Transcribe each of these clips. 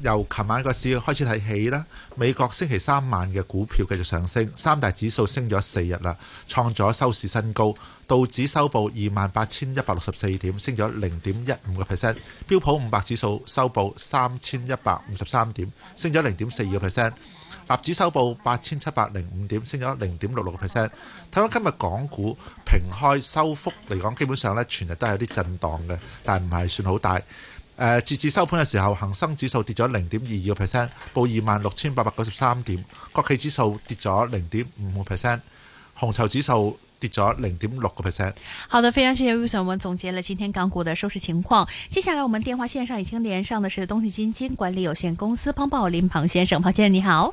由琴晚個市開始睇起啦，美國星期三晚嘅股票繼續上升，三大指數升咗四日啦，創咗收市新高。道指收報二萬八千一百六十四點，升咗零點一五個 percent。標普五百指數收報三千一百五十三點，升咗零點四二個 percent。納指收報八千七百零五點，升咗零點六六個 percent。睇返今日港股平開收幅嚟講，基本上咧全日都係有啲震盪嘅，但唔係算好大。呃，截至收盤嘅時候，恒生指數跌咗零點二二個 percent，報二萬六千八百九十三點；國企指數跌咗零點五個 percent；紅籌指數跌咗零點六個 percent。好的，非常謝謝 William，我們總結了今天港股的收市情況。接下來，我們電話線上已經連上嘅是東田基金管理有限公司龐寶林龐先生，龐先生你好。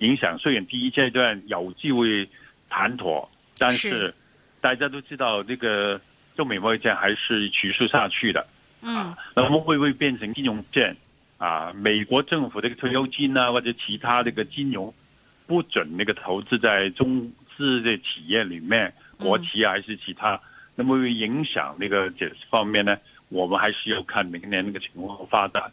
影響雖然第一階段有機會談妥，但是大家都知道這個中美貿易戰還是持續下去的。嗯，那我們，啊，會不會變成金融戰？啊，美國政府這個退休金啊或者其他這個金融不准那個投資在中資的企業裏面，國企啊還是其他、嗯，那麼會影響那個方面呢？我們還是要看明年那個情況發展。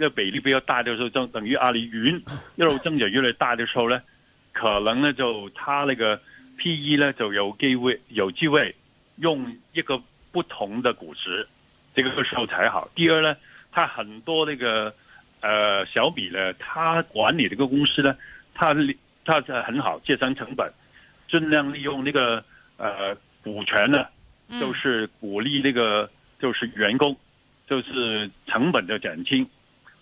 那比例比較大的時候，就等於阿里雲，一路增長越來越大的時候呢，可能呢就他那個 PE 呢，就有機會有機會用一個不同的估值，這個時候才好。第二呢，他很多那個呃，小米呢，他管理這個公司呢，他他很好節省成本，盡量利用那個呃，股權呢，就是鼓勵那個就是員工，就是成本的減輕。嗯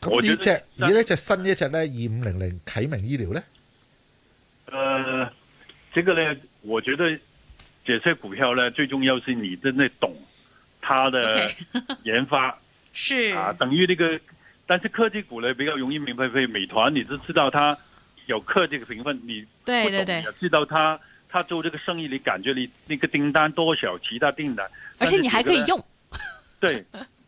咁呢隻以呢隻新一隻呢，二五零零啟明醫療呢，呃，這個呢，我覺得這些股票呢，最重要是你真的懂它的研發。Okay. 是啊，等於呢、這個，但是科技股呢，比較容易明白，譬如美團，你都知道它有科技嘅成分，你不懂，對對對，就知道它，它做這個生意，你感覺你那個訂單多少，其他訂單，而且你還可以用。對。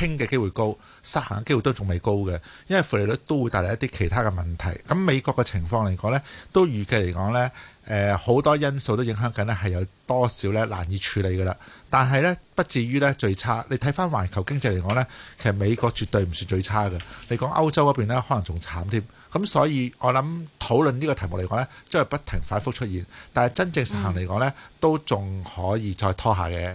傾嘅機會高，實行嘅機會都仲未高嘅，因為負利率都會帶嚟一啲其他嘅問題。咁美國嘅情況嚟講呢，都預計嚟講呢，誒、呃、好多因素都影響緊呢，係有多少呢？難以處理嘅啦。但係呢，不至於呢，最差。你睇翻環球經濟嚟講呢，其實美國絕對唔算最差嘅。你講歐洲嗰邊呢，可能仲慘添。咁所以，我諗討論呢個題目嚟講呢，將係不停反覆出現。但係真正實行嚟講呢，嗯、都仲可以再拖下嘅。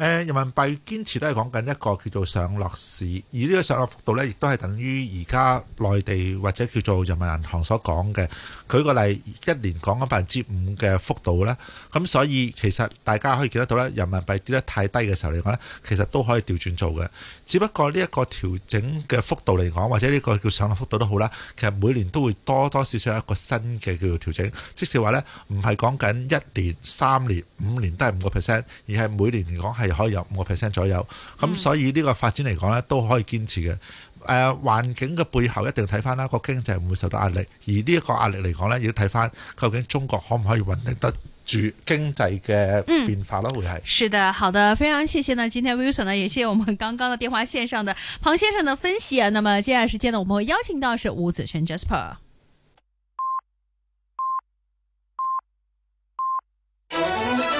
誒人民幣堅持都係講緊一個叫做上落市，而呢個上落幅度咧，亦都係等於而家內地或者叫做人民銀行所講嘅。舉個例一年講緊百分之五嘅幅度咧，咁所以其實大家可以見得到咧，人民幣跌得太低嘅時候嚟講咧，其實都可以調轉做嘅。只不過呢一個調整嘅幅度嚟講，或者呢個叫上落幅度都好啦，其實每年都會多多少少有一個新嘅叫做調整，即使話咧唔係講緊一年、三年、五年都係五個 percent，而係每年嚟講係。可以有五個 percent 左右，咁所以呢個發展嚟講呢都可以堅持嘅。誒、呃，環境嘅背後一定要睇翻啦，個經濟唔會受到壓力。而呢一個壓力嚟講咧，要睇翻究竟中國可唔可以穩定得住經濟嘅變化咯？會、嗯、係是的，好的，非常謝謝呢。今天 Wilson 呢，也謝謝我們剛剛的電話線上的龐先生的分析啊。那麼接下來時間呢，我們會邀請到是吳子軒 Jasper。